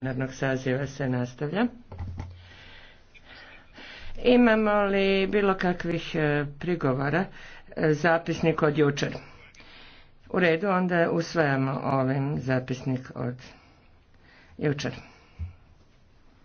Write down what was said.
plenarnog saziva se nastavlja. Imamo li bilo kakvih e, prigovora e, zapisnik od jučer? U redu, onda usvajamo ovim zapisnik od jučer.